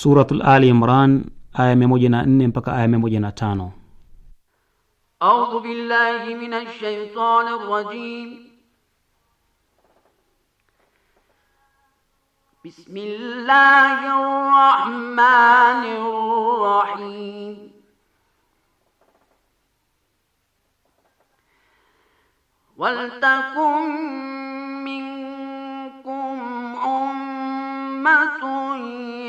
Suratul Ali Imran aya 104 mpaka aya 105. A'udhu billahi minash shaitanir rajim. Bismillahir rahmanir rahim. Waltakum minkum ummatun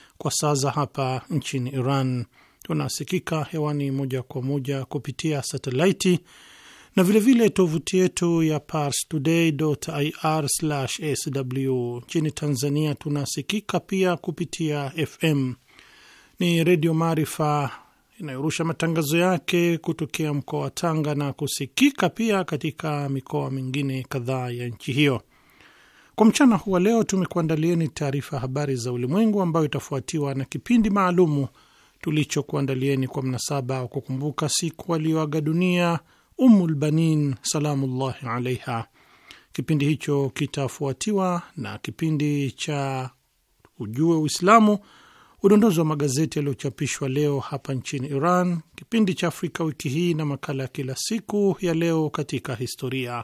kwa saa za hapa nchini Iran. Tunasikika hewani moja kwa moja kupitia satelaiti na vilevile tovuti yetu ya parstoday.ir/sw. Nchini Tanzania tunasikika pia kupitia FM ni Redio Maarifa inayorusha matangazo yake kutokea mkoa wa Tanga na kusikika pia katika mikoa mingine kadhaa ya nchi hiyo. Kwa mchana huu wa leo tumekuandalieni taarifa habari za ulimwengu ambayo itafuatiwa na kipindi maalumu tulichokuandalieni kwa mnasaba wa kukumbuka siku aliyoaga dunia Ummul salamullahi alaiha. Kipindi hicho kitafuatiwa na kipindi cha Ujue Uislamu, udondozi wa magazeti yaliyochapishwa leo hapa nchini Iran, kipindi cha Afrika wiki hii na makala ya kila siku ya leo katika historia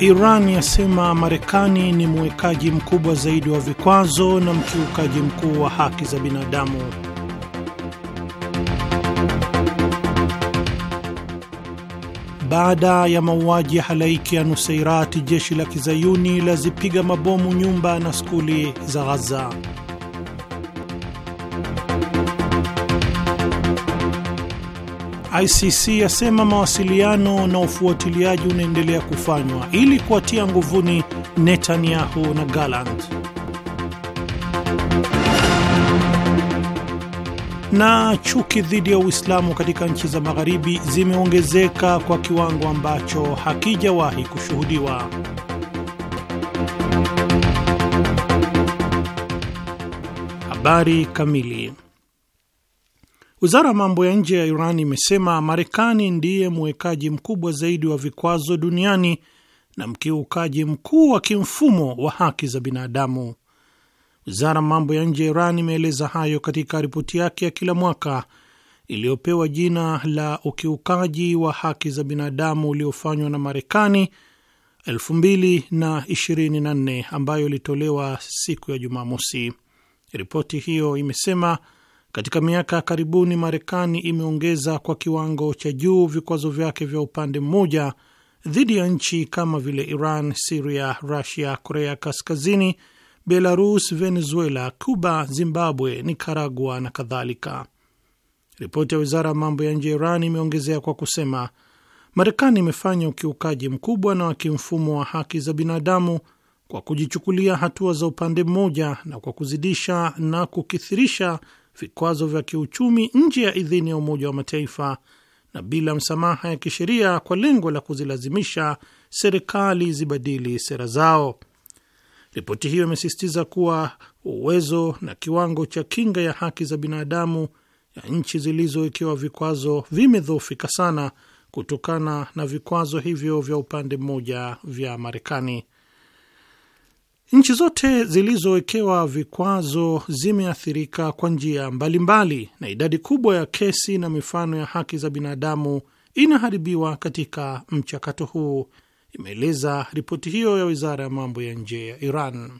Iran yasema Marekani ni mwekaji mkubwa zaidi wa vikwazo na mkiukaji mkuu wa haki za binadamu. Baada ya mauaji ya halaiki ya Nuseirati, jeshi la kizayuni lazipiga mabomu nyumba na skuli za Ghaza. ICC yasema mawasiliano na ufuatiliaji unaendelea kufanywa ili kuwatia nguvuni Netanyahu na Gallant. Na chuki dhidi ya Uislamu katika nchi za Magharibi zimeongezeka kwa kiwango ambacho hakijawahi kushuhudiwa. Habari kamili Wizara ya mambo ya nje ya Iran imesema Marekani ndiye mwekaji mkubwa zaidi wa vikwazo duniani na mkiukaji mkuu wa kimfumo wa haki za binadamu. Wizara mambo ya nje ya Iran imeeleza hayo katika ripoti yake ya kila mwaka iliyopewa jina la ukiukaji wa haki za binadamu uliofanywa na Marekani 2024 ambayo ilitolewa siku ya Jumamosi. Ripoti hiyo imesema katika miaka ya karibuni, Marekani imeongeza kwa kiwango cha juu vikwazo vyake vya upande mmoja dhidi ya nchi kama vile Iran, Siria, Rusia, Korea Kaskazini, Belarus, Venezuela, Cuba, Zimbabwe, Nicaragua na kadhalika. Ripoti ya wizara ya mambo ya nje ya Iran imeongezea kwa kusema Marekani imefanya ukiukaji mkubwa na wa kimfumo wa haki za binadamu kwa kujichukulia hatua za upande mmoja na kwa kuzidisha na kukithirisha vikwazo vya kiuchumi nje ya idhini ya Umoja wa Mataifa na bila msamaha ya kisheria kwa lengo la kuzilazimisha serikali zibadili sera zao. Ripoti hiyo imesisitiza kuwa uwezo na kiwango cha kinga ya haki za binadamu ya nchi zilizowekewa vikwazo vimedhoofika sana kutokana na vikwazo hivyo vya upande mmoja vya Marekani. Nchi zote zilizowekewa vikwazo zimeathirika kwa njia mbalimbali, na idadi kubwa ya kesi na mifano ya haki za binadamu inaharibiwa katika mchakato huu, imeeleza ripoti hiyo ya wizara ya mambo ya nje ya Iran.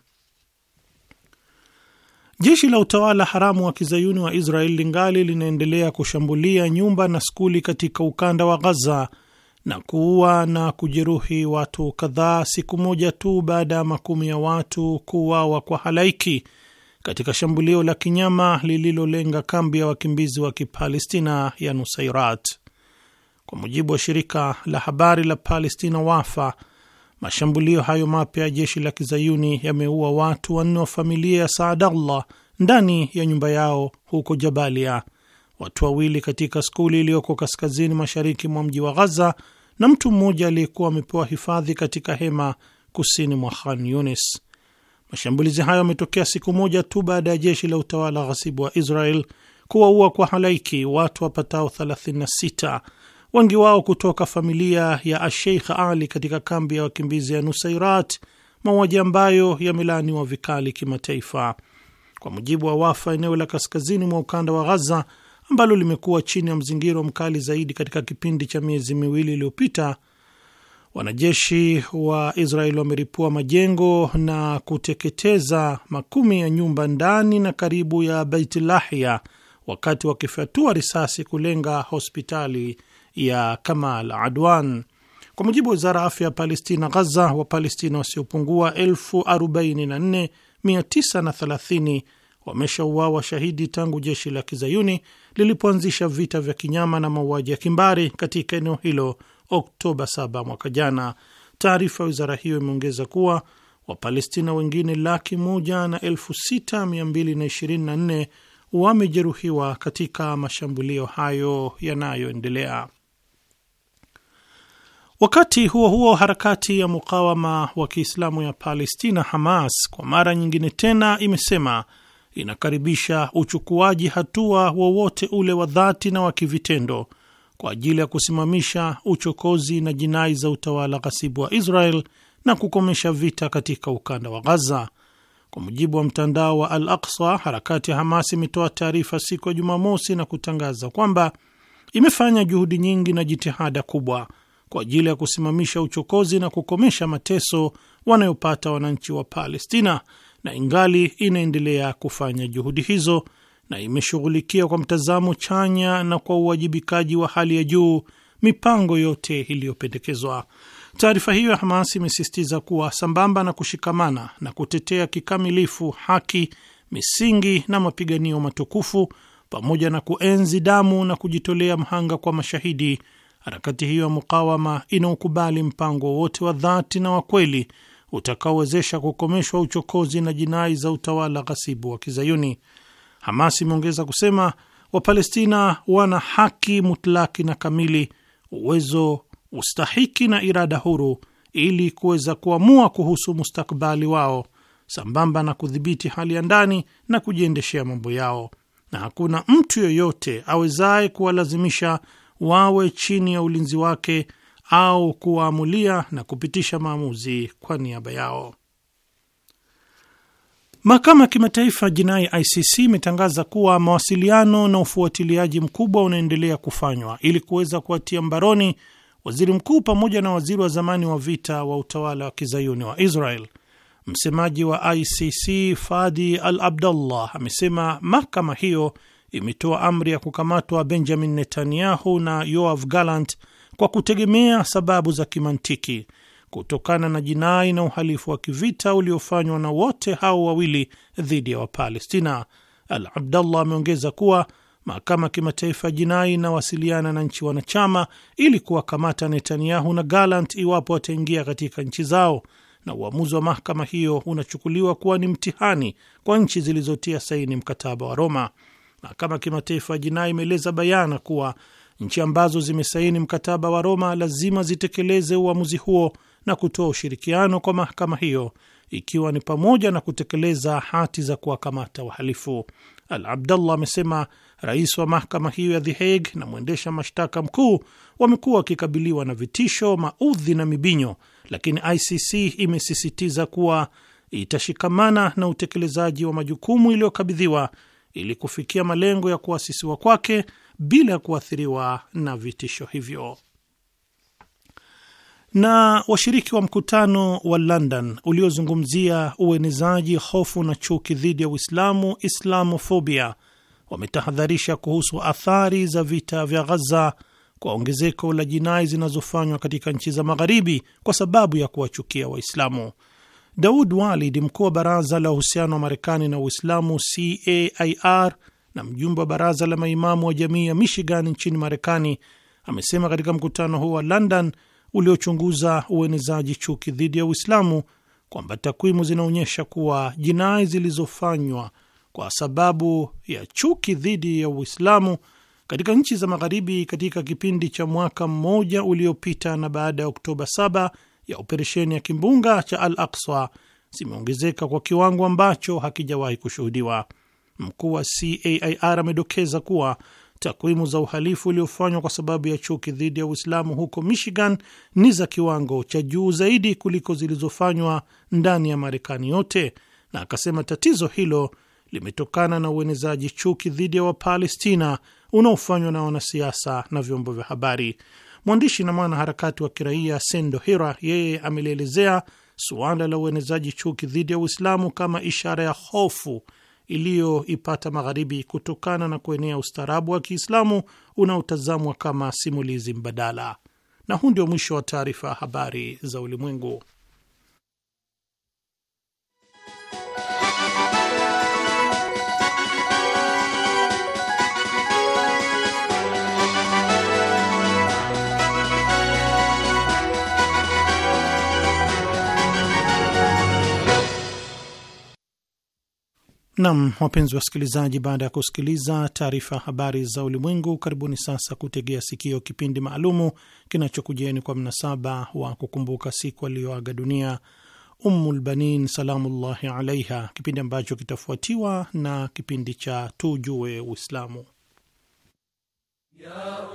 Jeshi la utawala haramu wa kizayuni wa israel lingali linaendelea kushambulia nyumba na skuli katika ukanda wa Ghaza na kuua na kujeruhi watu kadhaa siku moja tu baada ya makumi ya watu kuuawa kwa halaiki katika shambulio la kinyama lililolenga kambi ya wakimbizi wa Kipalestina ya Nusairat. Kwa mujibu wa shirika la habari la Palestina Wafa, mashambulio hayo mapya ya jeshi la kizayuni yameua watu wanne wa familia ya Saadallah ndani ya nyumba yao huko Jabalia, watu wawili katika skuli iliyoko kaskazini mashariki mwa mji wa Ghaza na mtu mmoja aliyekuwa amepewa hifadhi katika hema kusini mwa Khan Yunis. Mashambulizi hayo yametokea siku moja tu baada ya jeshi la utawala ghasibu wa Israel kuwaua kwa halaiki watu wapatao 36 wengi wao kutoka familia ya Asheikh Ali katika kambi ya wakimbizi ya Nusairat, mauaji ambayo yamelaaniwa vikali kimataifa. Kwa mujibu wa Wafa, eneo la kaskazini mwa ukanda wa Ghaza ambalo limekuwa chini ya mzingiro mkali zaidi katika kipindi cha miezi miwili iliyopita, wanajeshi wa Israeli wameripua majengo na kuteketeza makumi ya nyumba ndani na karibu ya Beitlahia wakati wakifyatua risasi kulenga hospitali ya Kamal Adwan. Kwa mujibu wa wizara ya afya ya Palestina, Ghaza Wapalestina wasiopungua 44930 wameshauawa shahidi tangu jeshi la kizayuni lilipoanzisha vita vya kinyama na mauaji ya kimbari katika eneo hilo Oktoba 7 mwaka jana. Taarifa ya wizara hiyo imeongeza kuwa Wapalestina wengine laki moja na elfu sita mia mbili na ishirini na nne wamejeruhiwa katika mashambulio hayo yanayoendelea. Wakati huo huo, harakati ya mukawama wa Kiislamu ya Palestina, Hamas, kwa mara nyingine tena imesema inakaribisha uchukuaji hatua wowote ule wa dhati na wa kivitendo kwa ajili ya kusimamisha uchokozi na jinai za utawala ghasibu wa Israel na kukomesha vita katika ukanda wa Gaza. Kwa mujibu wa mtandao wa Al aksa harakati ya Hamas imetoa taarifa siku ya Jumamosi na kutangaza kwamba imefanya juhudi nyingi na jitihada kubwa kwa ajili ya kusimamisha uchokozi na kukomesha mateso wanayopata wananchi wa Palestina na ingali inaendelea kufanya juhudi hizo na imeshughulikia kwa mtazamo chanya na kwa uwajibikaji wa hali ya juu mipango yote iliyopendekezwa. Taarifa hiyo ya Hamas imesisitiza kuwa sambamba na kushikamana na kutetea kikamilifu haki, misingi na mapiganio matukufu, pamoja na kuenzi damu na kujitolea mhanga kwa mashahidi, harakati hiyo ya mukawama inaokubali mpango wote wa dhati na wa kweli utakaowezesha kukomeshwa uchokozi na jinai za utawala ghasibu wa Kizayuni. Hamas imeongeza kusema Wapalestina wana haki mutlaki na kamili, uwezo, ustahiki na irada huru ili kuweza kuamua kuhusu mustakbali wao sambamba na kudhibiti hali ya ndani na kujiendeshea mambo yao, na hakuna mtu yoyote awezaye kuwalazimisha wawe chini ya ulinzi wake au kuwaamulia na kupitisha maamuzi kwa niaba yao. Mahakama ya Kimataifa Jinai ICC imetangaza kuwa mawasiliano na ufuatiliaji mkubwa unaendelea kufanywa ili kuweza kuwatia mbaroni waziri mkuu pamoja na waziri wa zamani wa vita wa utawala wa kizayuni wa Israel. Msemaji wa ICC Fadi Al Abdullah amesema mahakama hiyo imetoa amri ya kukamatwa Benjamin Netanyahu na Yoav Gallant kwa kutegemea sababu za kimantiki kutokana na jinai na uhalifu wa kivita uliofanywa na wote hao wawili dhidi ya Wapalestina. Al Abdallah ameongeza kuwa mahakama ya kimataifa ya jinai inawasiliana na nchi wanachama ili kuwakamata Netanyahu na Gallant iwapo wataingia katika nchi zao, na uamuzi wa mahakama hiyo unachukuliwa kuwa ni mtihani kwa nchi zilizotia saini mkataba wa Roma. Mahakama ya kimataifa ya jinai imeeleza bayana kuwa Nchi ambazo zimesaini mkataba wa Roma lazima zitekeleze uamuzi huo na kutoa ushirikiano kwa mahakama hiyo, ikiwa ni pamoja na kutekeleza hati za kuwakamata wahalifu. Al Abdallah amesema rais wa mahakama hiyo ya The Hague na mwendesha mashtaka mkuu wamekuwa wakikabiliwa na vitisho, maudhi na mibinyo, lakini ICC imesisitiza kuwa itashikamana na utekelezaji wa majukumu iliyokabidhiwa ili kufikia malengo ya kuasisiwa kwake bila ya kuathiriwa na vitisho hivyo. Na washiriki wa mkutano wa London uliozungumzia uenezaji hofu na chuki dhidi ya Uislamu, Islamofobia, wametahadharisha kuhusu athari za vita vya Ghaza kwa ongezeko la jinai zinazofanywa katika nchi za Magharibi kwa sababu ya kuwachukia Waislamu. Daud Walid, mkuu wa baraza la uhusiano wa Marekani na Uislamu, CAIR, na mjumbe wa baraza la maimamu wa jamii ya Michigan nchini Marekani amesema katika mkutano huo wa London uliochunguza uenezaji chuki dhidi ya Uislamu kwamba takwimu zinaonyesha kuwa jinai zilizofanywa kwa sababu ya chuki dhidi ya Uislamu katika nchi za Magharibi katika kipindi cha mwaka mmoja uliopita na baada ya Oktoba 7 ya operesheni ya kimbunga cha Al Aqsa zimeongezeka kwa kiwango ambacho hakijawahi kushuhudiwa. Mkuu wa CAIR amedokeza kuwa takwimu za uhalifu uliofanywa kwa sababu ya chuki dhidi ya Uislamu huko Michigan ni za kiwango cha juu zaidi kuliko zilizofanywa ndani ya Marekani yote, na akasema tatizo hilo limetokana na uenezaji chuki dhidi ya Wapalestina unaofanywa na wanasiasa na vyombo vya habari. Mwandishi na mwanaharakati wa kiraia Sendo Hira yeye amelielezea suala la uenezaji chuki dhidi ya Uislamu kama ishara ya hofu iliyoipata Magharibi kutokana na kuenea ustaarabu wa Kiislamu unaotazamwa kama simulizi mbadala. Na huu ndio mwisho wa taarifa ya habari za ulimwengu. Nam, wapenzi wasikilizaji, baada ya kusikiliza taarifa ya habari za ulimwengu, karibuni sasa kutegea sikio kipindi maalumu kinachokujieni kwa mnasaba wa kukumbuka siku aliyoaga dunia Ummulbanin salamullahi alaiha, kipindi ambacho kitafuatiwa na kipindi cha tujue Uislamu ya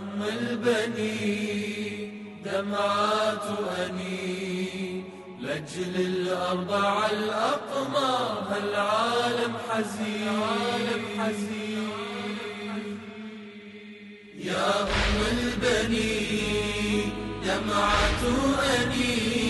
لجل الأربع الأقمار هالعالم حزين حزين يا أم البني دمعة أنين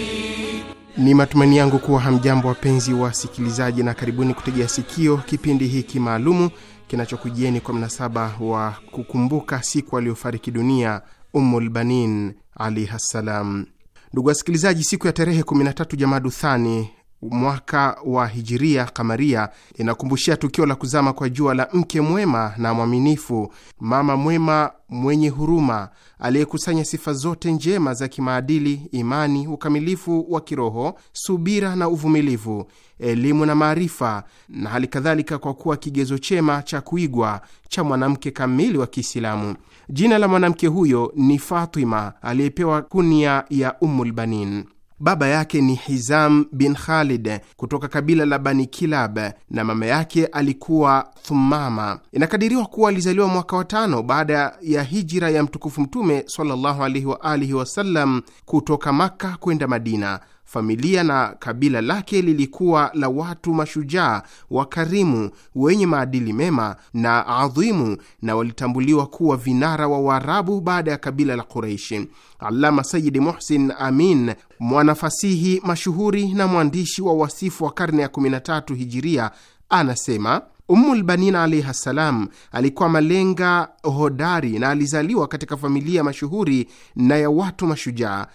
ni matumaini yangu kuwa hamjambo wapenzi wa wasikilizaji na karibuni kutegea sikio kipindi hiki maalumu kinachokujieni kwa mnasaba wa kukumbuka siku aliyofariki dunia Ummulbanin alaihi ssalam. Ndugu wasikilizaji, siku ya tarehe 13 Jamaduthani mwaka wa hijiria kamaria inakumbushia tukio la kuzama kwa jua la mke mwema na mwaminifu, mama mwema mwenye huruma, aliyekusanya sifa zote njema za kimaadili, imani, ukamilifu wa kiroho, subira na uvumilivu, elimu na maarifa, na hali kadhalika, kwa kuwa kigezo chema cha kuigwa cha mwanamke kamili wa Kiislamu. Jina la mwanamke huyo ni Fatima aliyepewa kunia ya ummulbanin Baba yake ni Hizam bin Khalid kutoka kabila la Bani Kilab na mama yake alikuwa Thumama. Inakadiriwa kuwa alizaliwa mwaka wa tano baada ya hijira ya mtukufu Mtume sallallahu alaihi wa alihi wasallam kutoka Makka kwenda Madina Familia na kabila lake lilikuwa la watu mashujaa, wakarimu, wenye maadili mema na adhimu, na walitambuliwa kuwa vinara wa Waarabu baada ya kabila la Quraishi. Alama Sayidi Muhsin Amin, mwanafasihi mashuhuri na mwandishi wa wasifu wa karne ya 13 Hijiria, anasema Ummul lbanin alaihi ssalam alikuwa malenga hodari na alizaliwa katika familia mashuhuri na ya watu mashujaa.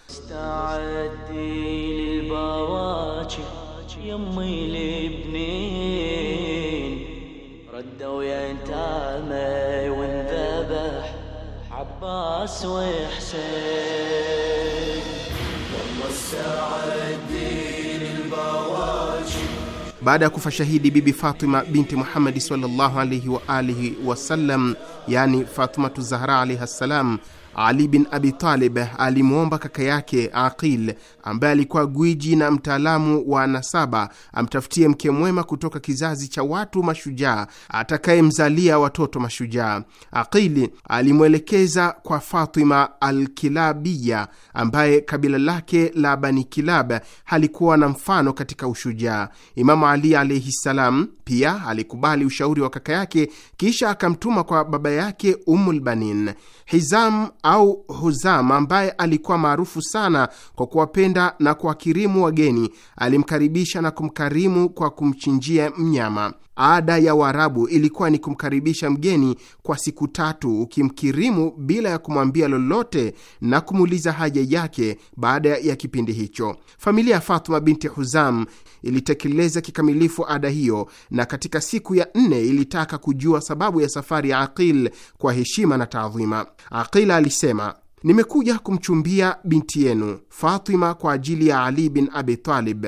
baada ya kufa shahidi Bibi Fatima binti Muhammadi sallallahu alaihi wa alihi wasallam, yani Fatimatu Zahra alaihi ssalam ali bin Abi Talib alimwomba kaka yake Aqil ambaye alikuwa gwiji na mtaalamu wa nasaba amtafutie mke mwema kutoka kizazi cha watu mashujaa atakayemzalia watoto mashujaa. Aqili alimwelekeza kwa Fatima Alkilabiya ambaye kabila lake la Bani Kilab halikuwa na mfano katika ushujaa. Imamu Ali alaihi salam pia alikubali ushauri wa kaka yake, kisha akamtuma kwa baba yake Umulbanin Hizam au huzam ambaye alikuwa maarufu sana kwa kuwapenda na kuwakirimu wageni, alimkaribisha na kumkarimu kwa kumchinjia mnyama. Ada ya Waarabu ilikuwa ni kumkaribisha mgeni kwa siku tatu, ukimkirimu bila ya kumwambia lolote na kumuuliza haja yake. Baada ya kipindi hicho, familia ya Fatuma binti Huzam ilitekeleza kikamilifu ada hiyo, na katika siku ya nne ilitaka kujua sababu ya safari ya Aqil kwa heshima na taadhima. Aqil alisema nimekuja kumchumbia binti yenu Fatima kwa ajili ya Ali bin Abi Talib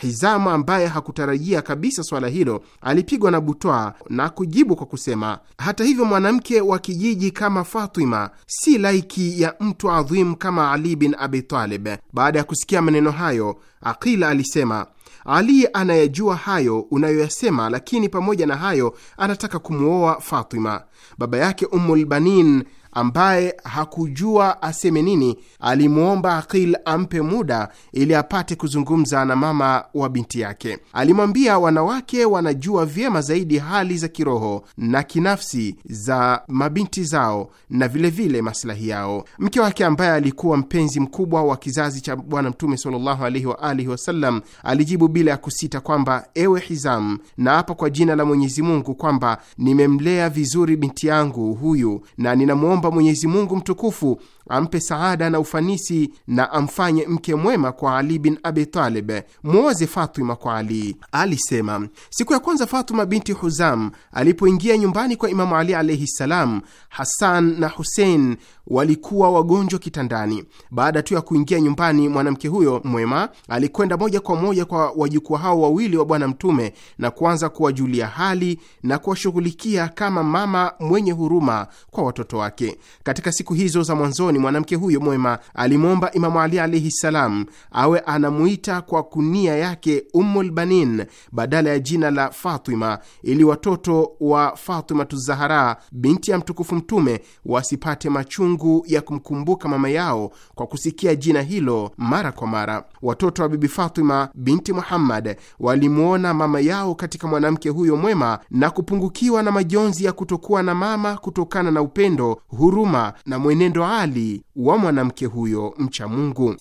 Hizamu ambaye hakutarajia kabisa swala hilo alipigwa na butwaa na kujibu kwa kusema, hata hivyo, mwanamke wa kijiji kama Fatima si laiki ya mtu adhimu kama Ali bin Abi Talib. Baada ya kusikia maneno hayo, Aqila alisema, Ali anayajua hayo unayoyasema, lakini pamoja na hayo anataka kumwoa Fatima. Baba yake Ummulbanin ambaye hakujua aseme nini, alimwomba Aqil ampe muda ili apate kuzungumza na mama wa binti yake. Alimwambia wanawake wanajua vyema zaidi hali za kiroho na kinafsi za mabinti zao na vilevile masilahi yao. Mke wake ambaye alikuwa mpenzi mkubwa wa kizazi cha Bwana Mtume sallallahu alaihi wa alihi wasallam alijibu bila ya kusita kwamba ewe Hizam, na hapa kwa jina la Mwenyezi Mungu kwamba nimemlea vizuri binti yangu huyu na ninamwomba kwamba Mwenyezi Mungu mtukufu ampe saada na ufanisi na amfanye mke mwema kwa Ali bin Abi Talib. Mwoze Fatuma kwa Ali. Alisema, siku ya kwanza Fatuma binti Huzam alipoingia nyumbani kwa Imamu Ali alaihi ssalam, Hasan na Husein walikuwa wagonjwa kitandani. Baada tu ya kuingia nyumbani, mwanamke huyo mwema alikwenda moja kwa moja kwa wajukua hao wawili wa Bwana Mtume na kuanza kuwajulia hali na kuwashughulikia kama mama mwenye huruma kwa watoto wake wake. Katika siku hizo za mwanzoni, mwanamke huyo mwema alimwomba Imamu Ali alaihi ssalam awe anamuita kwa kunia yake ummulbanin badala ya jina la Fatima, ili watoto wa Fatimatu Zahara binti ya mtukufu Mtume wasipate machungu ya kumkumbuka mama yao kwa kusikia jina hilo mara kwa mara. Watoto wa Bibi Fatima binti Muhammad walimwona mama yao katika mwanamke huyo mwema na kupungukiwa na majonzi ya kutokuwa na mama kutokana na upendo huruma na mwenendo ali wa mwanamke huyo mcha Mungu.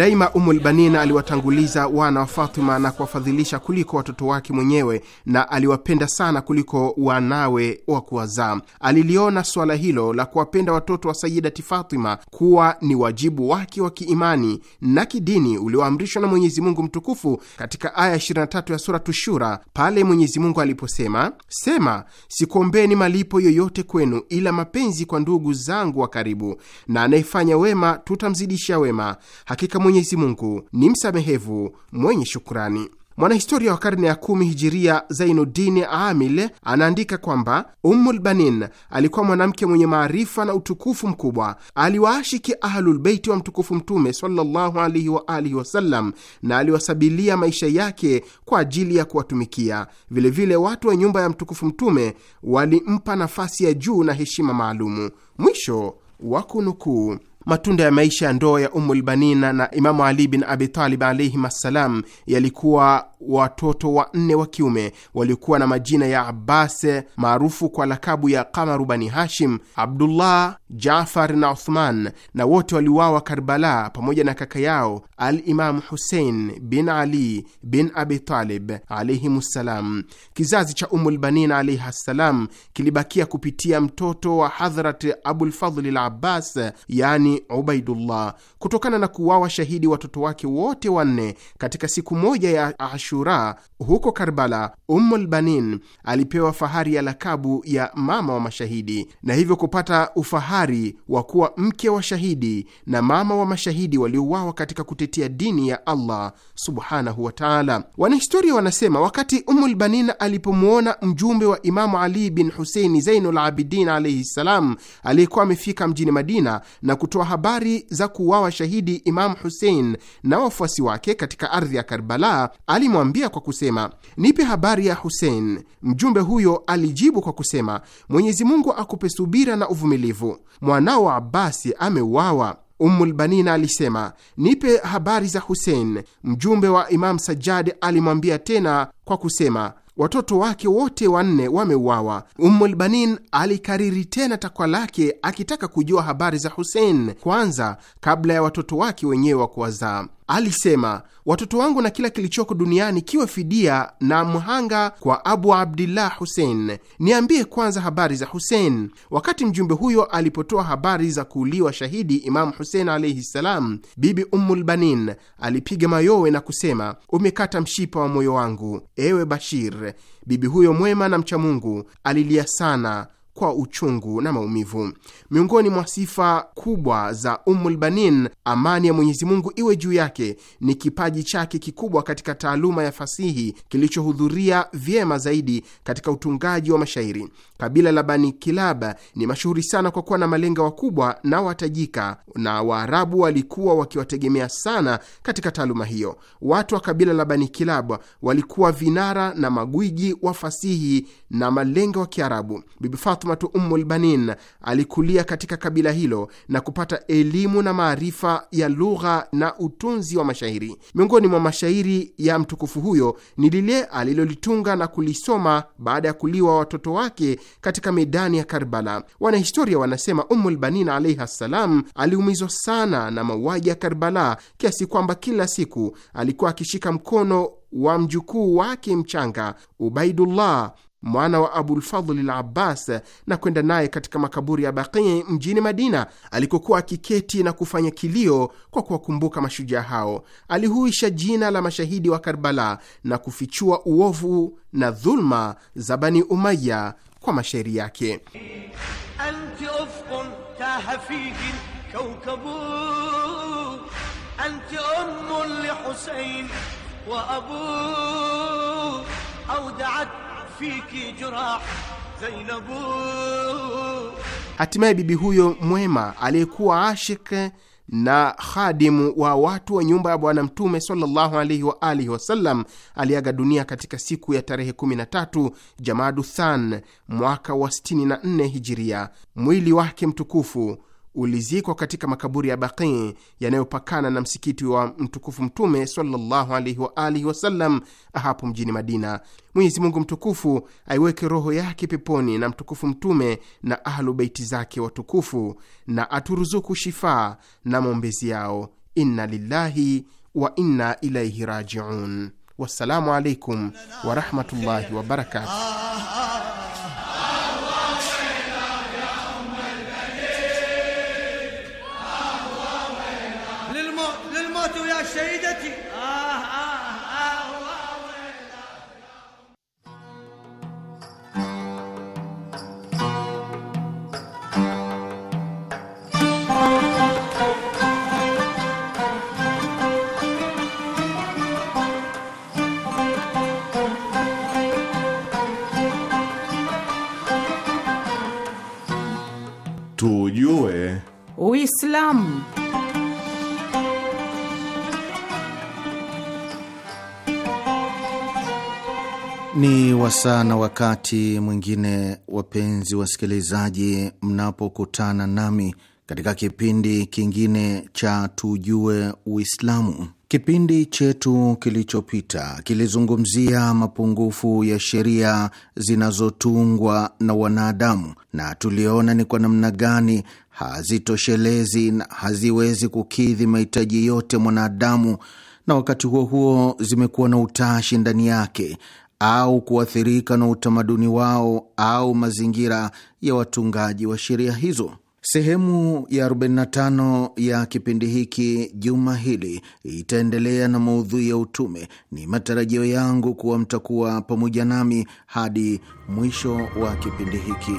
Daima Umul Banina aliwatanguliza wana wa Fatima na kuwafadhilisha kuliko watoto wake mwenyewe, na aliwapenda sana kuliko wanawe wa kuwazaa. Aliliona suala hilo la kuwapenda watoto wa Sayidati Fatima kuwa ni wajibu wake wa kiimani na kidini ulioamrishwa na Mwenyezi Mungu mtukufu katika aya 23 ya Suratu Shura, pale Mwenyezi Mungu aliposema: Sema, sikuombeni malipo yoyote kwenu ila mapenzi kwa ndugu zangu wa karibu, na anayefanya wema tutamzidishia wema, hakika Mwenyezi Mungu ni msamehevu mwenye shukrani. Mwanahistoria wa karne ya kumi hijiria Zainudini Amil anaandika kwamba Ummulbanin alikuwa mwanamke mwenye maarifa na utukufu mkubwa. Aliwaashiki Ahlulbeiti wa mtukufu Mtume sallallahu wa alihi wasallam na aliwasabilia maisha yake kwa ajili ya kuwatumikia. Vilevile watu wa nyumba ya mtukufu Mtume walimpa nafasi ya juu na heshima maalumu. Mwisho wa kunukuu. Matunda ya maisha ya ndoa ya Ummulbanina na Imamu Ali bin Abitalib alaihim assalam yalikuwa watoto wanne wa kiume waliokuwa na majina ya Abbas maarufu kwa lakabu ya Kamaru Bani Hashim, Abdullah, Jafar na Uthman, na wote waliuawa Karbala pamoja na kaka yao Alimamu Husein bin Ali bin Abi Talib alaihimussalam. Kizazi cha Ummulbanin alaihi ssalam kilibakia kupitia mtoto wa Hadhrat Abulfadli al yani Ubaidullah, kutokana na kuwawa shahidi watoto wake wote wanne katika siku moja ya Ash Ashura huko Karbala, Ummul Banin alipewa fahari ya lakabu ya mama wa mashahidi na hivyo kupata ufahari wa kuwa mke wa shahidi na mama wa mashahidi waliouawa katika kutetea dini ya Allah subhanahu wataala Wanahistoria wanasema wakati Ummul Banin alipomwona mjumbe wa Imamu Ali bin Huseini Zainul Abidin alaihi ssalam aliyekuwa amefika mjini Madina na kutoa habari za kuuawa shahidi Imamu Husein na wafuasi wake katika ardhi ya Karbala alim kumwambia kwa kusema, nipe habari ya Husein. Mjumbe huyo alijibu kwa kusema, Mwenyezi Mungu akupe subira na uvumilivu, mwanao Abasi ameuawa. Ummulbanina alisema, nipe habari za Husein. Mjumbe wa Imamu Sajjadi alimwambia tena kwa kusema watoto wake wote wanne wameuawa. Ummulbanin alikariri tena takwa lake akitaka kujua habari za Husein kwanza kabla ya watoto wake wenyewe wa kuwazaa alisema, watoto wangu na kila kilichoko duniani kiwe fidia na mhanga kwa Abu Abdillah Hussein. Niambie kwanza habari za Hussein. Wakati mjumbe huyo alipotoa habari za kuuliwa shahidi Imamu Hussein alaihi ssalam, Bibi ummulbanin alipiga mayowe na kusema, umekata mshipa wa moyo wangu, ewe Bashir. Bibi huyo mwema na mchamungu alilia sana kwa uchungu na maumivu. Miongoni mwa sifa kubwa za ummulbanin amani ya Mwenyezi Mungu iwe juu yake, ni kipaji chake kikubwa katika taaluma ya fasihi kilichohudhuria vyema zaidi katika utungaji wa mashairi. Kabila la Bani Kilaba ni mashuhuri sana kwa kuwa na malenga wakubwa na watajika, na Waarabu walikuwa wakiwategemea sana katika taaluma hiyo. Watu wa kabila la Bani Kilaba walikuwa vinara na magwiji wa fasihi na malenga wa Kiarabu. Bibi Fatmatu Ummul Banin alikulia katika kabila hilo na kupata elimu na maarifa ya lugha na utunzi wa mashairi. Miongoni mwa mashairi ya mtukufu huyo ni lile alilolitunga na kulisoma baada ya kuliwa watoto wake katika medani ya Karbala. Wanahistoria wanasema Ummul Banin alaihi ssalam aliumizwa sana na mauaji ya Karbala kiasi kwamba kila siku alikuwa akishika mkono wa mjukuu wake mchanga Ubaidullah mwana wa Abulfadhli l Abbas na kwenda naye katika makaburi ya baqi mjini Madina alikokuwa akiketi na kufanya kilio kwa kuwakumbuka mashujaa hao. Alihuisha jina la mashahidi wa Karbala na kufichua uovu na dhulma za Bani Umaya kwa mashairi yake. Hatimaye bibi huyo mwema aliyekuwa ashike na khadimu wa watu wa nyumba ya Bwana Mtume sallallahu alaihi wa alihi wasallam aliaga dunia katika siku ya tarehe 13 Jamadu Than mwaka wa 64 Hijiria. Mwili wake mtukufu ulizikwa katika makaburi ya Baqii yanayopakana na msikiti wa mtukufu Mtume sallallahu alaihi wa alihi wasallam hapo mjini Madina. Mwenyezi Mungu mtukufu aiweke roho yake peponi na mtukufu Mtume na ahlu beiti zake watukufu, na aturuzuku shifaa na maombezi yao. Inna lillahi wa inna ilaihi rajiun. Wassalamu alaikum warahmatullahi wabarakatuh. Ah, ah, ah. tujue Uislamu. Ni wasaa na wakati mwingine, wapenzi wasikilizaji, mnapokutana nami katika kipindi kingine cha tujue Uislamu. Kipindi chetu kilichopita kilizungumzia mapungufu ya sheria zinazotungwa na wanadamu na tuliona ni kwa namna gani hazitoshelezi na haziwezi kukidhi mahitaji yote mwanadamu, na wakati huo huo zimekuwa na utashi ndani yake au kuathirika na utamaduni wao au mazingira ya watungaji wa sheria hizo. Sehemu ya 45 ya kipindi hiki juma hili itaendelea na maudhui ya utume. Ni matarajio yangu kuwa mtakuwa pamoja nami hadi mwisho wa kipindi hiki.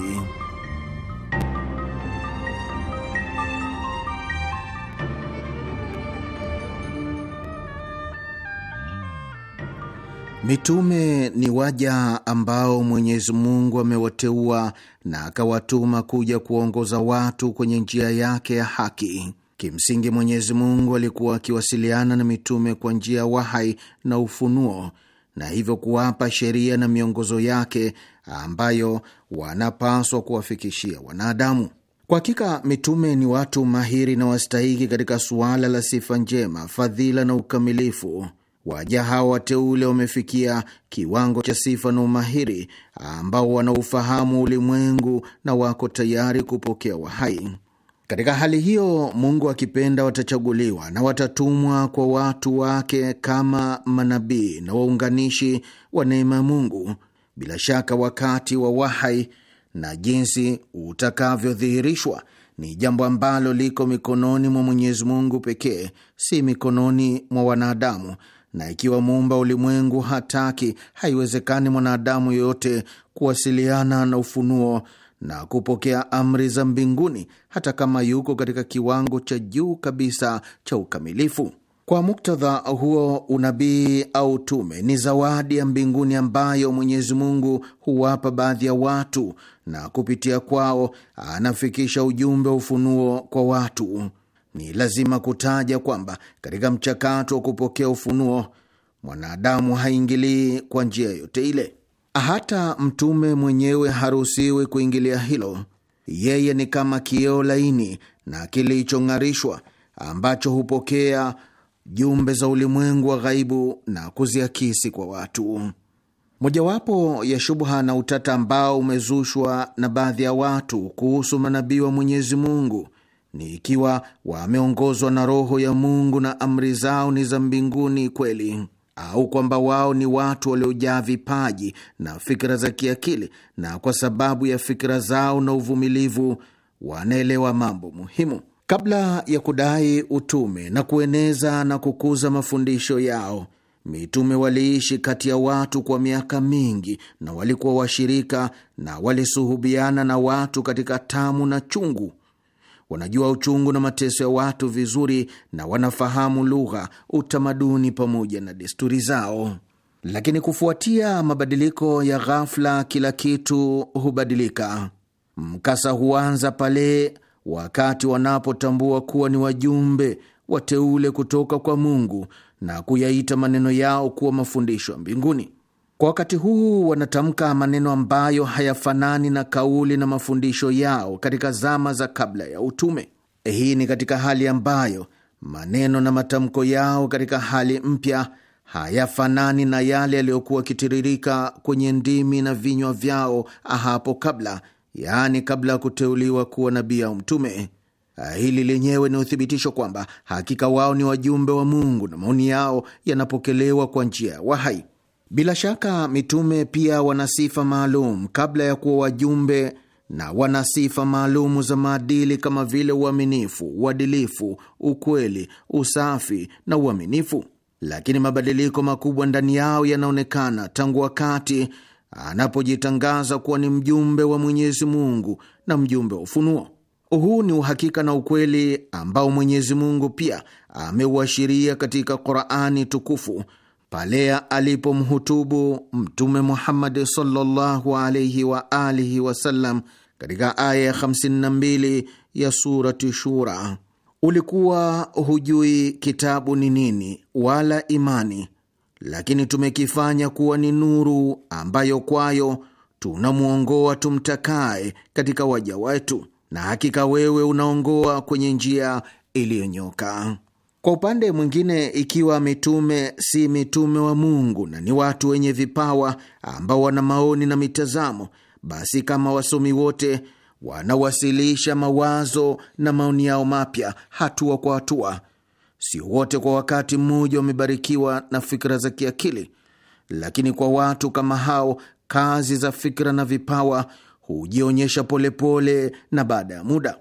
Mitume ni waja ambao Mwenyezi Mungu amewateua na akawatuma kuja kuwaongoza watu kwenye njia yake ya haki. Kimsingi, Mwenyezi Mungu alikuwa akiwasiliana na mitume kwa njia ya wahai na ufunuo na hivyo kuwapa sheria na miongozo yake ambayo wanapaswa kuwafikishia wanadamu. Kwa hakika mitume ni watu mahiri na wastahiki katika suala la sifa njema, fadhila na ukamilifu Waja hawa wateule wamefikia kiwango cha sifa na umahiri ambao wanaufahamu ulimwengu na wako tayari kupokea wahai. Katika hali hiyo, Mungu akipenda, watachaguliwa na watatumwa kwa watu wake kama manabii na waunganishi wa neema ya Mungu. Bila shaka, wakati wa wahai na jinsi utakavyodhihirishwa ni jambo ambalo liko mikononi mwa Mwenyezi Mungu pekee, si mikononi mwa wanadamu, na ikiwa muumba ulimwengu hataki, haiwezekani mwanadamu yoyote kuwasiliana na ufunuo na kupokea amri za mbinguni, hata kama yuko katika kiwango cha juu kabisa cha ukamilifu. Kwa muktadha huo, unabii au tume ni zawadi ya mbinguni ambayo Mwenyezi Mungu huwapa baadhi ya watu, na kupitia kwao anafikisha ujumbe wa ufunuo kwa watu. Ni lazima kutaja kwamba katika mchakato wa kupokea ufunuo mwanadamu haingilii kwa njia yote ile. Hata mtume mwenyewe haruhusiwi kuingilia hilo. Yeye ni kama kioo laini na kilichong'arishwa ambacho hupokea jumbe za ulimwengu wa ghaibu na kuziakisi kwa watu. Mojawapo ya shubha na utata ambao umezushwa na baadhi ya watu kuhusu manabii wa Mwenyezi Mungu ni ikiwa wameongozwa na Roho ya Mungu na amri zao ni za mbinguni kweli, au kwamba wao ni watu waliojaa vipaji na fikra za kiakili, na kwa sababu ya fikra zao na uvumilivu wanaelewa mambo muhimu. Kabla ya kudai utume na kueneza na kukuza mafundisho yao, mitume waliishi kati ya watu kwa miaka mingi na walikuwa washirika na walisuhubiana na watu katika tamu na chungu wanajua uchungu na mateso ya watu vizuri na wanafahamu lugha, utamaduni pamoja na desturi zao. Lakini kufuatia mabadiliko ya ghafla, kila kitu hubadilika. Mkasa huanza pale wakati wanapotambua kuwa ni wajumbe wateule kutoka kwa Mungu na kuyaita maneno yao kuwa mafundisho ya mbinguni. Kwa wakati huu wanatamka maneno ambayo hayafanani na kauli na mafundisho yao katika zama za kabla ya utume. Hii ni katika hali ambayo maneno na matamko yao katika hali mpya hayafanani na yale yaliyokuwa akitiririka kwenye ndimi na vinywa vyao hapo kabla, yaani kabla ya kuteuliwa kuwa nabii au mtume. Hili lenyewe ni uthibitisho kwamba hakika wao ni wajumbe wa Mungu na maoni yao yanapokelewa kwa njia ya wahai. Bila shaka mitume pia wana sifa maalum kabla ya kuwa wajumbe, na wana sifa maalumu za maadili kama vile uaminifu, uadilifu, ukweli, usafi na uaminifu, lakini mabadiliko makubwa ndani yao yanaonekana tangu wakati anapojitangaza kuwa ni mjumbe wa Mwenyezi Mungu na mjumbe wa ufunuo. Huu ni uhakika na ukweli ambao Mwenyezi Mungu pia ameuashiria katika Qur'ani tukufu pale alipomhutubu Mtume Muhammad sallallahu alaihi wa alihi wasallam katika aya ya 52 ya surati Shura, ulikuwa hujui kitabu ni nini wala imani, lakini tumekifanya kuwa ni nuru ambayo kwayo tunamwongoa tumtakaye katika waja wetu, na hakika wewe unaongoa kwenye njia iliyonyoka. Kwa upande mwingine, ikiwa mitume si mitume wa Mungu na ni watu wenye vipawa ambao wana maoni na mitazamo, basi kama wasomi wote wanawasilisha mawazo na maoni yao mapya hatua kwa hatua. Sio wote kwa wakati mmoja wamebarikiwa na fikra za kiakili, lakini kwa watu kama hao kazi za fikra na vipawa hujionyesha polepole na baada ya muda.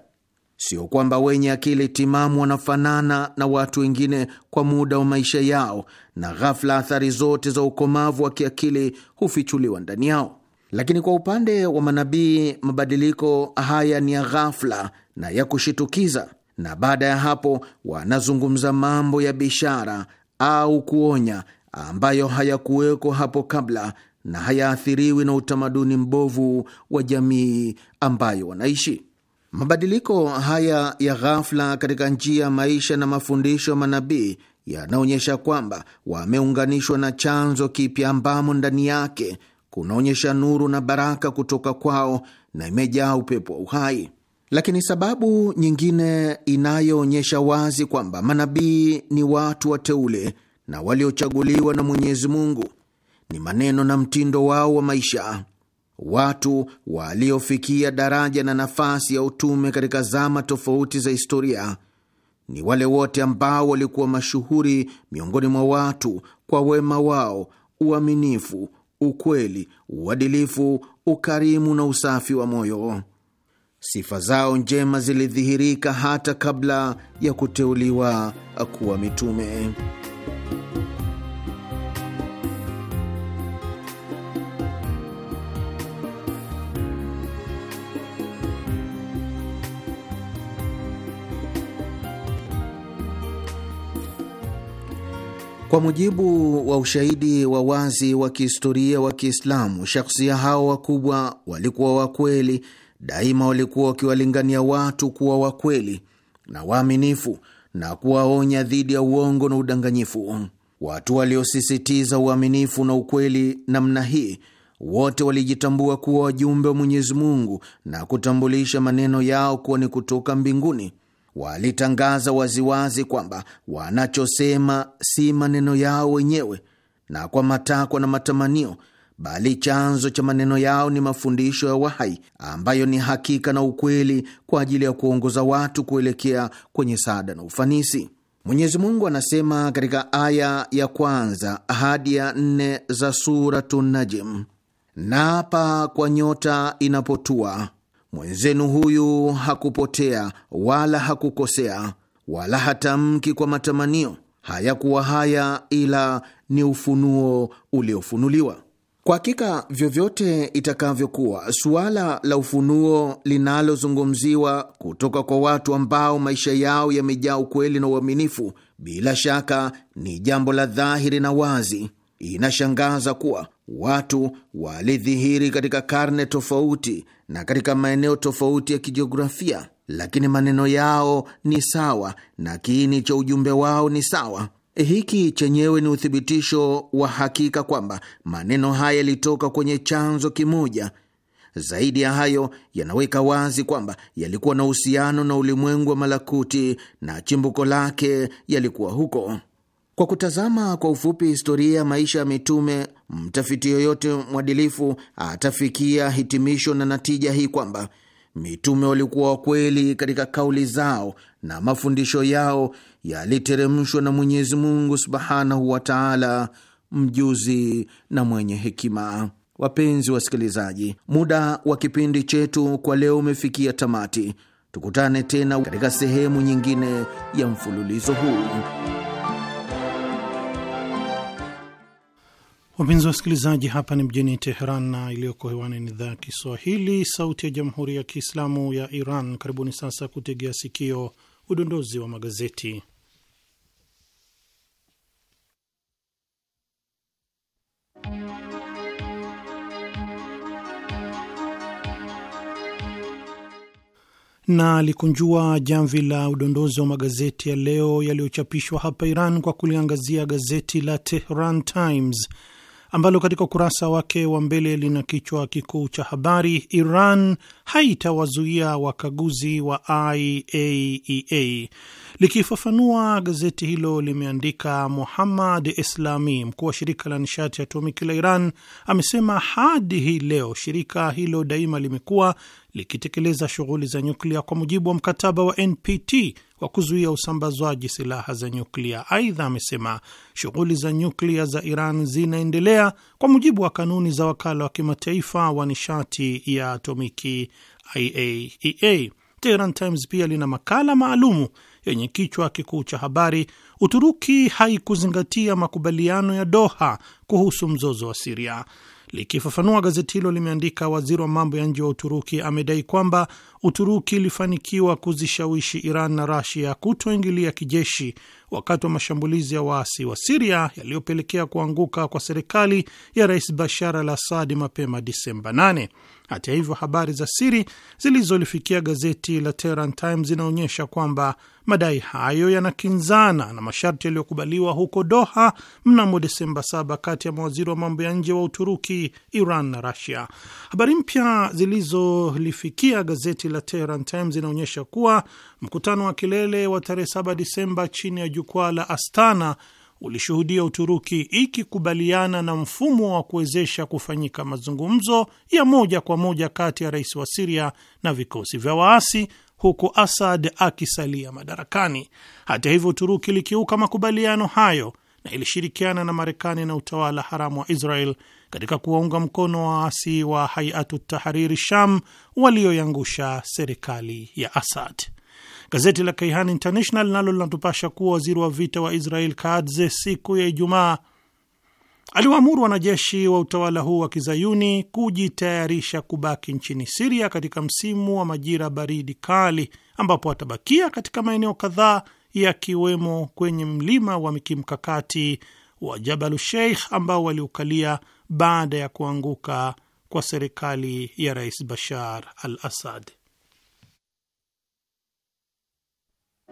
Sio kwamba wenye akili timamu wanafanana na watu wengine kwa muda wa maisha yao, na ghafla athari zote za ukomavu wa kiakili hufichuliwa ndani yao. Lakini kwa upande wa manabii, mabadiliko haya ni ya ghafla na ya kushitukiza, na baada ya hapo wanazungumza mambo ya bishara au kuonya ambayo hayakuweko hapo kabla na hayaathiriwi na utamaduni mbovu wa jamii ambayo wanaishi. Mabadiliko haya ya ghafla katika njia ya maisha na mafundisho ya manabii yanaonyesha kwamba wameunganishwa na chanzo kipya ambamo ndani yake kunaonyesha nuru na baraka kutoka kwao na imejaa upepo wa uhai. Lakini sababu nyingine inayoonyesha wazi kwamba manabii ni watu wateule na waliochaguliwa na Mwenyezi Mungu ni maneno na mtindo wao wa maisha watu waliofikia daraja na nafasi ya utume katika zama tofauti za historia ni wale wote ambao walikuwa mashuhuri miongoni mwa watu kwa wema wao, uaminifu, ukweli, uadilifu, ukarimu na usafi wa moyo. Sifa zao njema zilidhihirika hata kabla ya kuteuliwa kuwa mitume. Kwa mujibu wa ushahidi wa wazi wa kihistoria wa Kiislamu, shakhsia hao wakubwa walikuwa wakweli daima, walikuwa wakiwalingania watu kuwa wakweli na waaminifu na kuwaonya dhidi ya uongo na udanganyifu. Watu waliosisitiza uaminifu na ukweli namna hii wote walijitambua kuwa wajumbe wa Mwenyezi Mungu na kutambulisha maneno yao kuwa ni kutoka mbinguni walitangaza waziwazi kwamba wanachosema si maneno yao wenyewe na kwa matakwa na matamanio, bali chanzo cha maneno yao ni mafundisho ya wahai ambayo ni hakika na ukweli kwa ajili ya kuongoza watu kuelekea kwenye saada na ufanisi. Mwenyezi Mungu anasema katika aya ya kwanza hadi ya nne za Suratu Najm, naapa kwa nyota inapotua mwenzenu huyu hakupotea wala hakukosea wala hatamki kwa matamanio, hayakuwa haya ila ni ufunuo uliofunuliwa. Kwa hakika vyovyote itakavyokuwa, suala la ufunuo linalozungumziwa kutoka kwa watu ambao maisha yao yamejaa ukweli na uaminifu, bila shaka ni jambo la dhahiri na wazi Inashangaza kuwa watu walidhihiri katika karne tofauti na katika maeneo tofauti ya kijiografia, lakini maneno yao ni sawa na kiini cha ujumbe wao ni sawa. Hiki chenyewe ni uthibitisho wa hakika kwamba maneno haya yalitoka kwenye chanzo kimoja. Zaidi ya hayo, yanaweka wazi kwamba yalikuwa na uhusiano na ulimwengu wa malakuti na chimbuko lake yalikuwa huko. Kwa kutazama kwa ufupi historia ya maisha ya mitume, mtafiti yoyote mwadilifu atafikia hitimisho na natija hii kwamba mitume walikuwa wakweli katika kauli zao na mafundisho yao yaliteremshwa na Mwenyezi Mungu subhanahu wa taala, mjuzi na mwenye hekima. Wapenzi wasikilizaji, muda wa kipindi chetu kwa leo umefikia tamati. Tukutane tena katika sehemu nyingine ya mfululizo huu. Wapenzi wasikilizaji, hapa ni mjini Teheran na iliyoko hewani ni idhaa ya Kiswahili, Sauti ya Jamhuri ya Kiislamu ya Iran. Karibuni sasa kutegea sikio udondozi wa magazeti. na likunjua jamvi la udondozi wa magazeti ya leo yaliyochapishwa hapa Iran kwa kuliangazia gazeti la Tehran Times ambalo katika ukurasa wake wa mbele lina kichwa kikuu cha habari Iran haitawazuia wakaguzi wa IAEA. E Likifafanua, gazeti hilo limeandika, Muhammad Islami, mkuu wa shirika la nishati ya atomiki la Iran, amesema hadi hii leo shirika hilo daima limekuwa likitekeleza shughuli za nyuklia kwa mujibu wa mkataba wa NPT wa kuzuia usambazwaji silaha za nyuklia. Aidha, amesema shughuli za nyuklia za Iran zinaendelea kwa mujibu wa kanuni za wakala wa kimataifa wa nishati ya atomiki IAEA. Tehran Times pia lina makala maalumu yenye kichwa kikuu cha habari, Uturuki haikuzingatia makubaliano ya Doha kuhusu mzozo wa Siria. Likifafanua, gazeti hilo limeandika waziri wa mambo ya nje wa Uturuki amedai kwamba Uturuki ilifanikiwa kuzishawishi Iran na Rasia kutoingilia kijeshi wakati wa mashambulizi ya waasi wa Siria yaliyopelekea kuanguka kwa serikali ya Rais Bashar al Assadi mapema Disemba 8. Hata hivyo, habari za siri zilizolifikia gazeti la Tehran Times zinaonyesha kwamba madai hayo yanakinzana na masharti yaliyokubaliwa huko Doha mnamo Desemba 7 kati ya mawaziri wa mambo ya nje wa Uturuki, Iran na rasia Habari mpya zilizolifikia gazeti la Tehran Times zinaonyesha kuwa mkutano wa kilele wa tarehe 7 Disemba chini ya jukwaa la Astana ulishuhudia Uturuki ikikubaliana na mfumo wa kuwezesha kufanyika mazungumzo ya moja kwa moja kati ya rais wa Siria na vikosi vya waasi huku Asad akisalia madarakani. Hata hivyo, Uturuki ilikiuka makubaliano hayo na ilishirikiana na Marekani na utawala haramu wa Israel katika kuwaunga mkono waasi wa Haiatu Tahariri Sham walioyangusha serikali ya Asad. Gazeti la Kayhan International nalo linatupasha kuwa waziri wa vita wa Israel kaadze siku ya Ijumaa aliwaamuru wanajeshi wa utawala huu wa kizayuni kujitayarisha kubaki nchini Siria katika msimu wa majira baridi kali, ambapo watabakia katika maeneo kadhaa yakiwemo kwenye mlima wa kimkakati wa Jabalu Sheikh ambao waliukalia baada ya kuanguka kwa serikali ya Rais Bashar al Assad.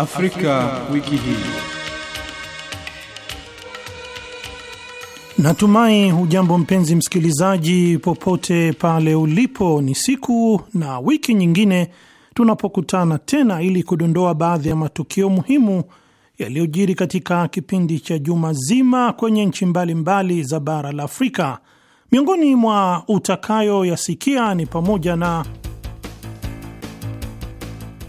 Afrika, wiki hii. Natumai hujambo mpenzi msikilizaji, popote pale ulipo. Ni siku na wiki nyingine tunapokutana tena ili kudondoa baadhi ya matukio muhimu yaliyojiri katika kipindi cha juma zima kwenye nchi mbalimbali za bara la Afrika. Miongoni mwa utakayoyasikia ni pamoja na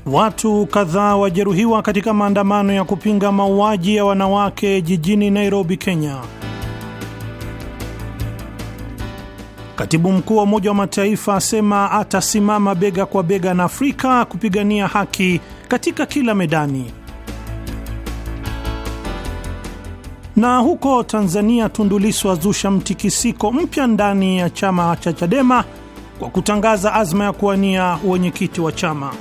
Watu kadhaa wajeruhiwa katika maandamano ya kupinga mauaji ya wanawake jijini Nairobi, Kenya. Katibu mkuu wa Umoja wa Mataifa asema atasimama bega kwa bega na Afrika kupigania haki katika kila medani. Na huko Tanzania, Tundu Lissu azusha mtikisiko mpya ndani ya chama cha Chadema kwa kutangaza azma ya kuwania wenyekiti wa chama.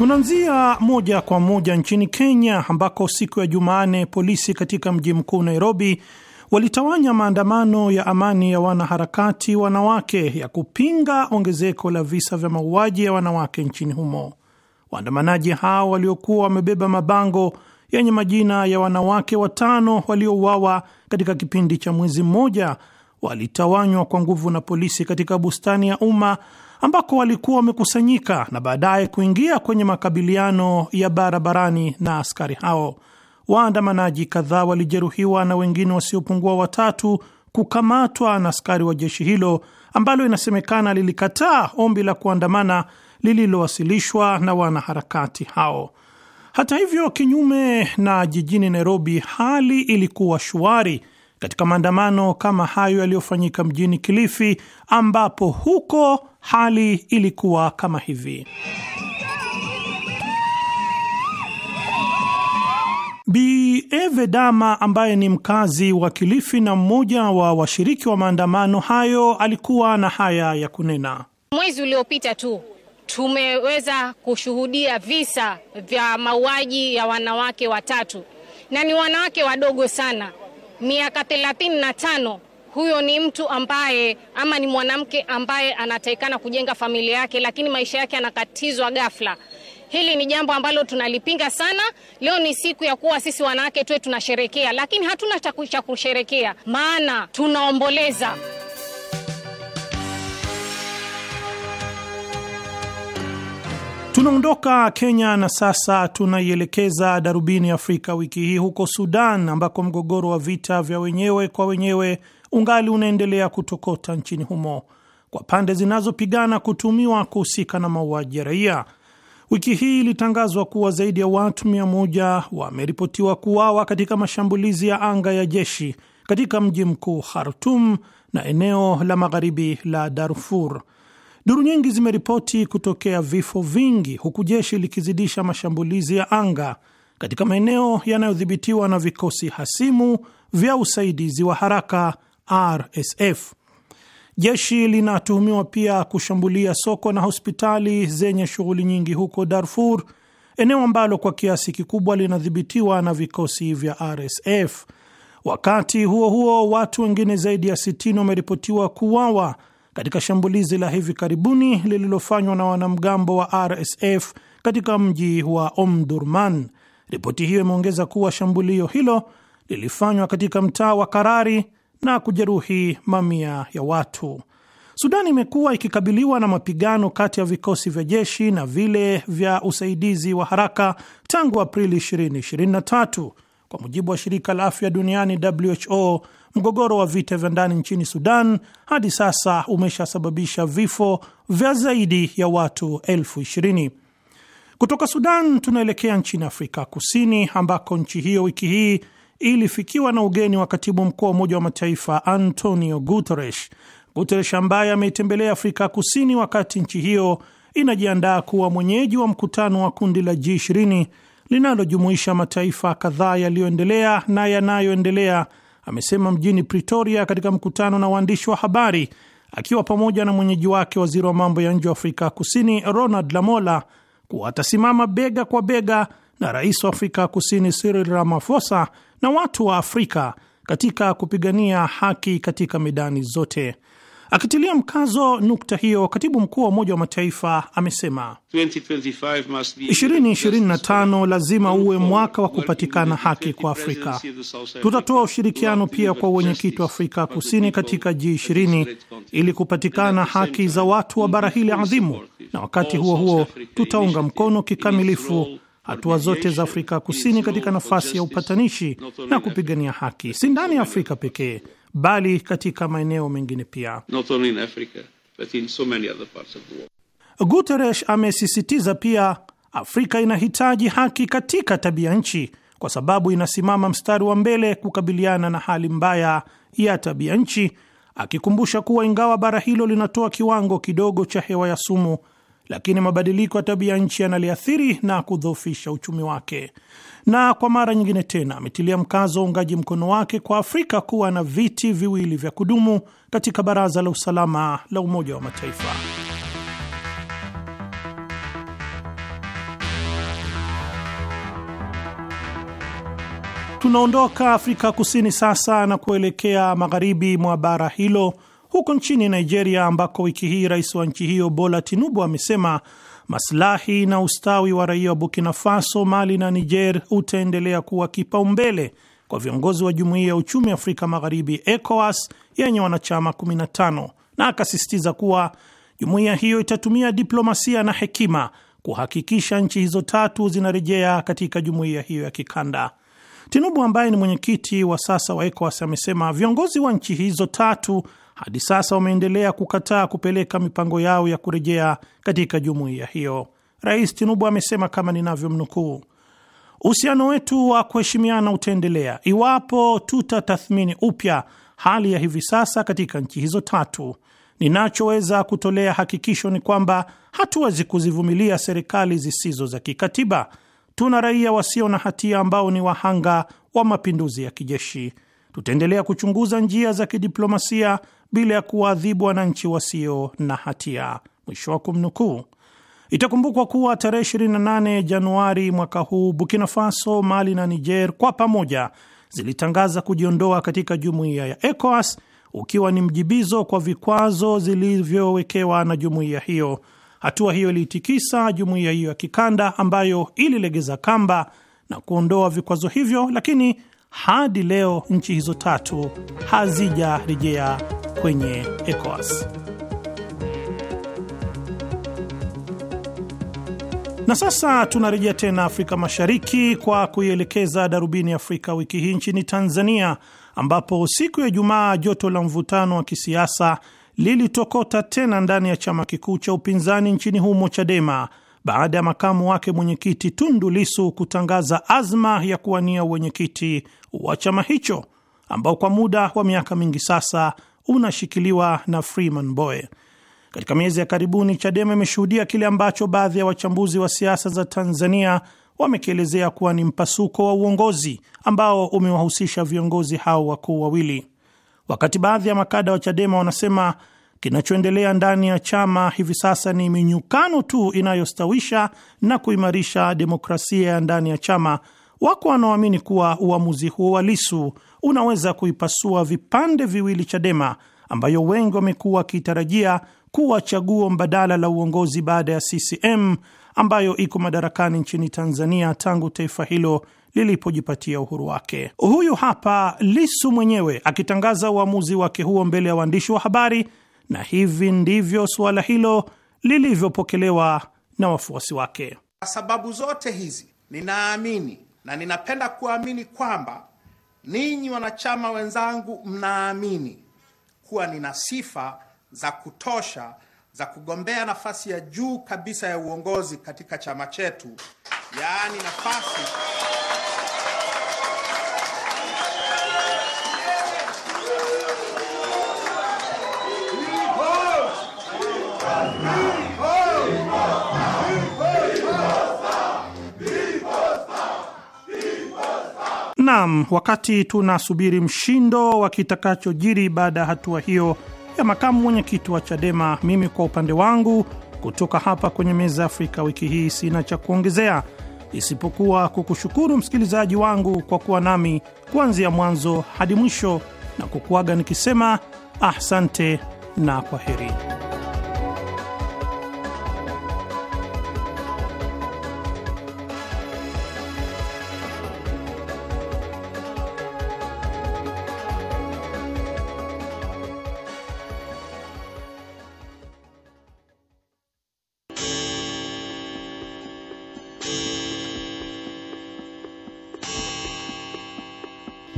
Tunaanzia moja kwa moja nchini Kenya ambako siku ya jumanne polisi katika mji mkuu Nairobi walitawanya maandamano ya amani ya wanaharakati wanawake ya kupinga ongezeko la visa vya mauaji ya wanawake nchini humo. Waandamanaji hao waliokuwa wamebeba mabango yenye majina ya wanawake watano waliouawa katika kipindi cha mwezi mmoja walitawanywa kwa nguvu na polisi katika bustani ya umma ambako walikuwa wamekusanyika na baadaye kuingia kwenye makabiliano ya barabarani na askari hao. Waandamanaji kadhaa walijeruhiwa na wengine wasiopungua watatu kukamatwa na askari wa jeshi hilo ambalo inasemekana lilikataa ombi la kuandamana lililowasilishwa na wanaharakati hao. Hata hivyo, kinyume na jijini Nairobi, hali ilikuwa shwari katika maandamano kama hayo yaliyofanyika mjini Kilifi, ambapo huko hali ilikuwa kama hivi. Bi Eve Dama ambaye ni mkazi wa Kilifi na mmoja wa washiriki wa maandamano hayo alikuwa na haya ya kunena. Mwezi uliopita tu tumeweza kushuhudia visa vya mauaji ya wanawake watatu, na ni wanawake wadogo sana, miaka thelathini na tano huyo ni mtu ambaye ama ni mwanamke ambaye anataikana kujenga familia yake, lakini maisha yake anakatizwa ghafla. Hili ni jambo ambalo tunalipinga sana. Leo ni siku ya kuwa sisi wanawake tuwe tunasherekea, lakini hatuna cha kusherekea, maana tunaomboleza. Tunaondoka Kenya na sasa tunaielekeza darubini Afrika wiki hii huko Sudan, ambako mgogoro wa vita vya wenyewe kwa wenyewe ungali unaendelea kutokota nchini humo kwa pande zinazopigana kutumiwa kuhusika na mauaji ya raia. Wiki hii ilitangazwa kuwa zaidi ya watu mia moja wameripotiwa kuuawa katika mashambulizi ya anga ya jeshi katika mji mkuu Khartum na eneo la magharibi la Darfur. Duru nyingi zimeripoti kutokea vifo vingi, huku jeshi likizidisha mashambulizi ya anga katika maeneo yanayodhibitiwa na vikosi hasimu vya usaidizi wa haraka RSF. Jeshi linatuhumiwa pia kushambulia soko na hospitali zenye shughuli nyingi huko Darfur, eneo ambalo kwa kiasi kikubwa linadhibitiwa na vikosi vya RSF. Wakati huo huo, watu wengine zaidi ya 60 wameripotiwa kuuawa katika shambulizi la hivi karibuni lililofanywa na wanamgambo wa RSF katika mji wa Omdurman. Ripoti hiyo imeongeza kuwa shambulio hilo lilifanywa katika mtaa wa Karari na kujeruhi mamia ya watu. Sudani imekuwa ikikabiliwa na mapigano kati ya vikosi vya jeshi na vile vya usaidizi wa haraka tangu Aprili 2023. Kwa mujibu wa shirika la afya duniani WHO, mgogoro wa vita vya ndani nchini Sudan hadi sasa umeshasababisha vifo vya zaidi ya watu elfu ishirini. Kutoka Sudan tunaelekea nchini Afrika Kusini, ambako nchi hiyo wiki hii ilifikiwa na ugeni wa katibu mkuu wa Umoja wa Mataifa Antonio Guterres. Guterres ambaye ameitembelea Afrika Kusini wakati nchi hiyo inajiandaa kuwa mwenyeji wa mkutano wa kundi la G20 linalojumuisha mataifa kadhaa yaliyoendelea na yanayoendelea, amesema mjini Pretoria katika mkutano na waandishi wa habari akiwa pamoja na mwenyeji wake waziri wa mambo ya nje wa Afrika Kusini Ronald Lamola kuwa atasimama bega kwa bega na rais wa Afrika Kusini Cyril Ramaphosa na watu wa Afrika katika kupigania haki katika medani zote. Akitilia mkazo nukta hiyo, katibu mkuu wa Umoja wa Mataifa amesema 2025 lazima uwe mwaka wa kupatikana haki kwa Afrika. Tutatoa ushirikiano pia kwa wenyekiti wa Afrika Kusini katika G20 ili kupatikana haki za watu wa bara hili adhimu, na wakati huo huo tutaunga mkono kikamilifu hatua zote za Afrika Kusini katika nafasi ya upatanishi na kupigania haki, si ndani ya Afrika pekee, bali katika maeneo mengine pia. Guterres amesisitiza pia Afrika inahitaji haki katika tabia nchi kwa sababu inasimama mstari wa mbele kukabiliana na hali mbaya ya tabia nchi, akikumbusha kuwa ingawa bara hilo linatoa kiwango kidogo cha hewa ya sumu lakini mabadiliko ya tabia nchi yanaliathiri na kudhoofisha uchumi wake. Na kwa mara nyingine tena ametilia mkazo wa uungaji mkono wake kwa Afrika kuwa na viti viwili vya kudumu katika Baraza la Usalama la Umoja wa Mataifa. Tunaondoka Afrika Kusini sasa na kuelekea magharibi mwa bara hilo huko nchini Nigeria, ambako wiki hii rais wa nchi hiyo Bola Tinubu amesema maslahi na ustawi wa raia wa Burkina Faso, Mali na Niger utaendelea kuwa kipaumbele kwa viongozi wa Jumuiya ya Uchumi Afrika Magharibi, ECOWAS, yenye wanachama 15 na akasisitiza kuwa jumuiya hiyo itatumia diplomasia na hekima kuhakikisha nchi hizo tatu zinarejea katika jumuiya hiyo ya kikanda. Tinubu ambaye ni mwenyekiti wa sasa wa ECOWAS amesema viongozi wa nchi hizo tatu hadi sasa wameendelea kukataa kupeleka mipango yao ya kurejea katika jumuiya hiyo. Rais Tinubu amesema kama ninavyomnukuu, uhusiano wetu wa kuheshimiana utaendelea iwapo tutatathmini upya hali ya hivi sasa katika nchi hizo tatu. Ninachoweza kutolea hakikisho ni kwamba hatuwezi kuzivumilia serikali zisizo za kikatiba. Tuna raia wasio na hatia ambao ni wahanga wa mapinduzi ya kijeshi tutaendelea kuchunguza njia za kidiplomasia bila ya kuwaadhibu wananchi wasio na hatia. Mwisho wa kumnukuu. Itakumbukwa kuwa tarehe 28 Januari mwaka huu Burkina Faso, Mali na Niger kwa pamoja zilitangaza kujiondoa katika jumuiya ya ECOWAS ukiwa ni mjibizo kwa vikwazo zilivyowekewa na jumuiya hiyo. Hatua hiyo iliitikisa jumuiya hiyo ya kikanda ambayo ililegeza kamba na kuondoa vikwazo hivyo, lakini hadi leo nchi hizo tatu hazijarejea kwenye ECOWAS. Na sasa tunarejea tena Afrika Mashariki kwa kuielekeza darubini Afrika wiki hii nchini Tanzania, ambapo siku ya Ijumaa joto la mvutano wa kisiasa lilitokota tena ndani ya chama kikuu cha upinzani nchini humo, Chadema baada ya makamu wake mwenyekiti Tundu Lisu kutangaza azma ya kuwania uwenyekiti wa chama hicho ambao kwa muda wa miaka mingi sasa unashikiliwa na Freeman Mbowe. Katika miezi ya karibuni, Chadema imeshuhudia kile ambacho baadhi ya wachambuzi wa siasa za Tanzania wamekielezea kuwa ni mpasuko wa uongozi ambao umewahusisha viongozi hao wakuu wawili, wakati baadhi ya makada wa Chadema wanasema Kinachoendelea ndani ya chama hivi sasa ni minyukano tu inayostawisha na kuimarisha demokrasia ya ndani ya chama. Wako wanaoamini kuwa uamuzi huo wa Lisu unaweza kuipasua vipande viwili Chadema, ambayo wengi wamekuwa wakiitarajia kuwa chaguo mbadala la uongozi baada ya CCM ambayo iko madarakani nchini Tanzania tangu taifa hilo lilipojipatia uhuru wake. Huyu hapa Lisu mwenyewe akitangaza uamuzi wake huo mbele ya waandishi wa habari na hivi ndivyo suala hilo lilivyopokelewa na wafuasi wake. Kwa sababu zote hizi, ninaamini na ninapenda kuamini kwamba ninyi wanachama wenzangu mnaamini kuwa nina sifa za kutosha za kugombea nafasi ya juu kabisa ya uongozi katika chama chetu, yaani nafasi Naam, wakati tunasubiri mshindo wa kitakachojiri baada ya hatua hiyo ya makamu mwenyekiti wa Chadema, mimi kwa upande wangu kutoka hapa kwenye meza Afrika wiki hii sina cha kuongezea isipokuwa kukushukuru msikilizaji wangu kwa kuwa nami kuanzia mwanzo hadi mwisho na kukuaga nikisema ahsante na kwa heri.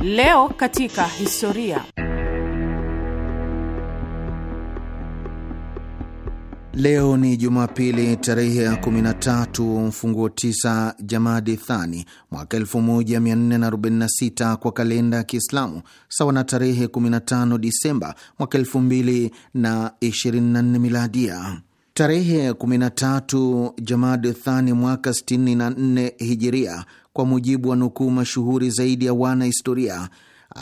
Leo katika historia. Leo ni Jumapili tarehe ya 13 mfunguo 9 Jamadi Thani mwaka 1446 kwa kalenda ya Kiislamu, sawa na tarehe 15 Disemba mwaka 2024 miladia. Tarehe 13 Jamadi Thani mwaka 64 hijiria kwa mujibu wa nukuu mashuhuri zaidi ya wanahistoria,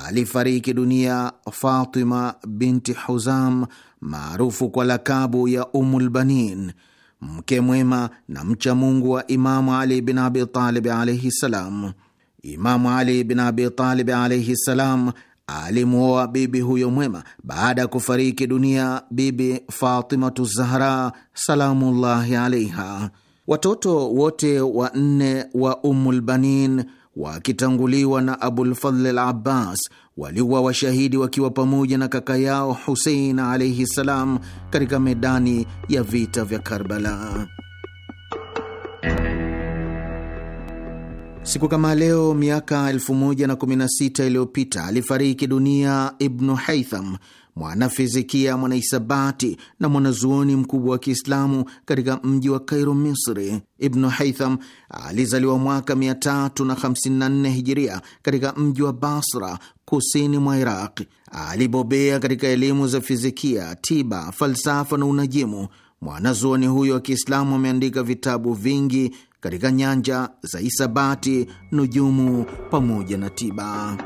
alifariki dunia Fatima binti Huzam, maarufu kwa lakabu ya Umulbanin, mke mwema na mcha Mungu wa Imamu Ali bin Abitalib alaihi ssalam. Imamu Ali bin Abitalib alaihi ssalam alimwoa bibi huyo mwema baada ya kufariki dunia Bibi Fatimatu Zahra salamullahi alaiha. Watoto wote wanne wa Ummulbanin wakitanguliwa na abulfadl al Abbas waliuwa washahidi wakiwa pamoja na kaka yao Husein alaihi ssalam katika medani ya vita vya Karbala. Siku kama leo miaka 116 iliyopita alifariki dunia Ibnu Haitham, mwanafizikia, mwanahisabati na mwanazuoni mkubwa wa Kiislamu katika mji wa Kairo, Misri. Ibnu Haitham alizaliwa mwaka 354 Hijiria katika mji wa Basra, kusini mwa Iraq. Alibobea katika elimu za fizikia, tiba, falsafa na unajimu. Mwanazuoni huyo wa Kiislamu ameandika vitabu vingi katika nyanja za hisabati, nujumu pamoja na tiba.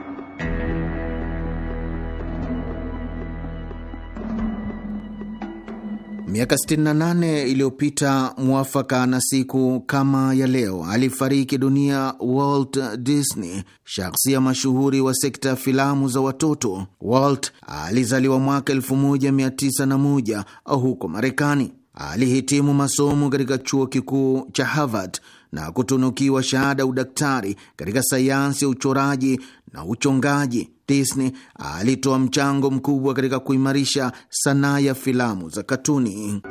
Miaka 68 iliyopita mwafaka na siku kama ya leo alifariki dunia Walt Disney, shaksia mashuhuri wa sekta ya filamu za watoto. Walt alizaliwa mwaka 1901 huko Marekani. Alihitimu masomo katika chuo kikuu cha Harvard na kutunukiwa shahada udaktari katika sayansi ya uchoraji na uchongaji. Disney alitoa mchango mkubwa katika kuimarisha sanaa ya filamu za katuni.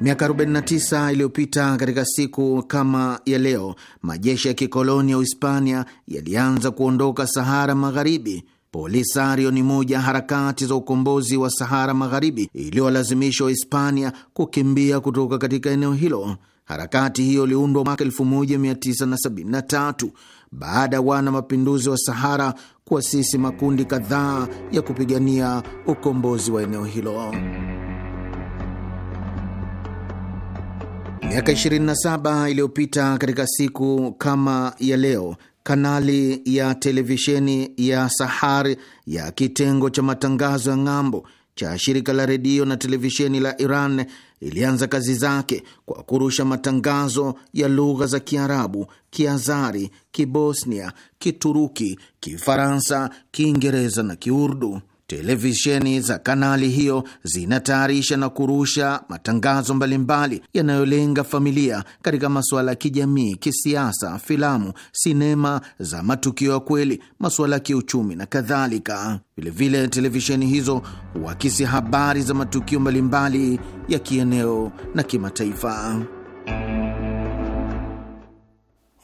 Miaka 49 iliyopita katika siku kama ya leo, majeshi ya kikoloni ya Uhispania yalianza kuondoka Sahara Magharibi. Polisario ni moja ya harakati za ukombozi wa Sahara Magharibi iliyolazimisha Wahispania kukimbia kutoka katika eneo hilo. Harakati hiyo iliundwa mwaka 1973 baada ya wana mapinduzi wa Sahara kuasisi makundi kadhaa ya kupigania ukombozi wa eneo hilo. Miaka 27 iliyopita katika siku kama ya leo kanali ya televisheni ya Sahari ya kitengo cha matangazo ya ng'ambo cha shirika la redio na televisheni la Iran ilianza kazi zake kwa kurusha matangazo ya lugha za Kiarabu, Kiazari, Kibosnia, Kituruki, Kifaransa, Kiingereza na Kiurdu. Televisheni za kanali hiyo zinatayarisha na kurusha matangazo mbalimbali yanayolenga familia katika masuala ya kijamii, kisiasa, filamu, sinema za matukio ya kweli, masuala ya kiuchumi na kadhalika. Vilevile, televisheni hizo huakisi habari za matukio mbalimbali ya kieneo na kimataifa.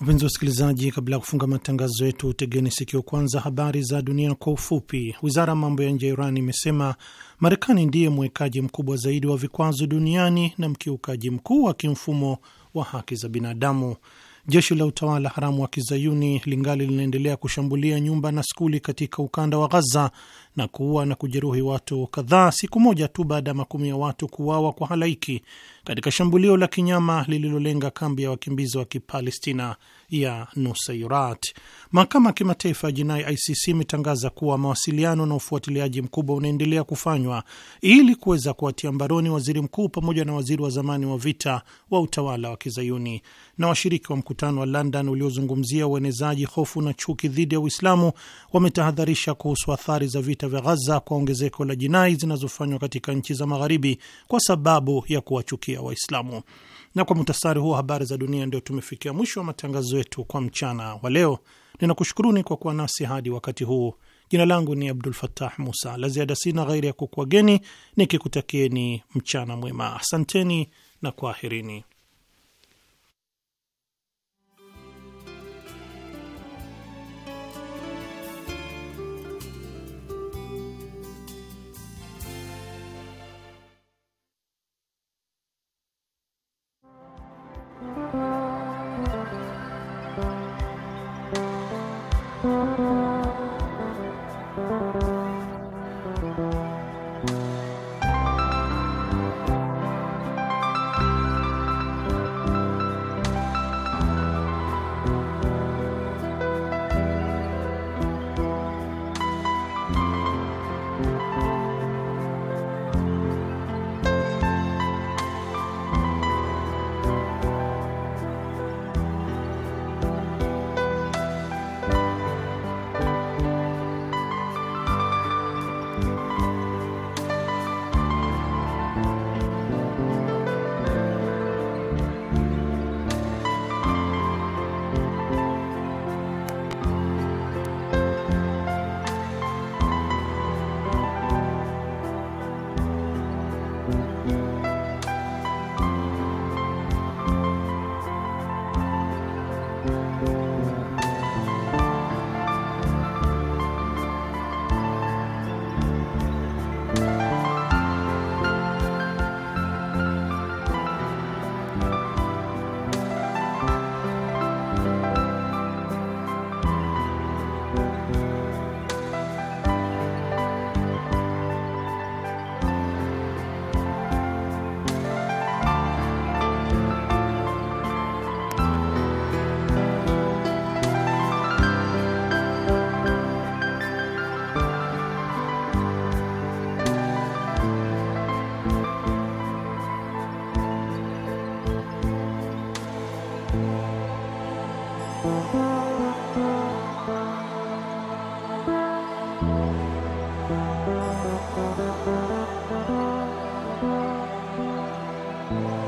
Wapenzi wasikilizaji, kabla ya kufunga matangazo yetu, tegeni sikio kwanza habari za dunia kwa ufupi. Wizara ya mambo ya nje ya Iran imesema Marekani ndiye mwekaji mkubwa zaidi wa vikwazo duniani na mkiukaji mkuu wa kimfumo wa haki za binadamu. Jeshi la utawala haramu wa kizayuni lingali linaendelea kushambulia nyumba na skuli katika ukanda wa Ghaza na kuua na kujeruhi watu kadhaa, siku moja tu baada ya makumi ya watu kuuawa kwa halaiki katika shambulio la kinyama lililolenga kambi ya wakimbizi wa Kipalestina ya Nusairat. Mahakama ya Kimataifa ya Jinai ICC imetangaza kuwa mawasiliano na ufuatiliaji mkubwa unaendelea kufanywa ili kuweza kuwatia mbaroni waziri mkuu pamoja na waziri wa zamani wa vita wa utawala wa kizayuni na washiriki wa mkutano wa London uliozungumzia uenezaji hofu na chuki dhidi ya Uislamu wametahadharisha kuhusu athari za vita vya Ghaza kwa ongezeko la jinai zinazofanywa katika nchi za Magharibi kwa sababu ya kuwachukia Waislamu. Na kwa muhtasari huo habari za dunia, ndio tumefikia mwisho wa matangazo yetu kwa mchana wa leo. Ninakushukuruni kwa kuwa nasi hadi wakati huu. Jina langu ni Abdul fatah Musa. La ziada sina ghairi ya kukwageni nikikutakieni mchana mwema. Asanteni na kwaherini.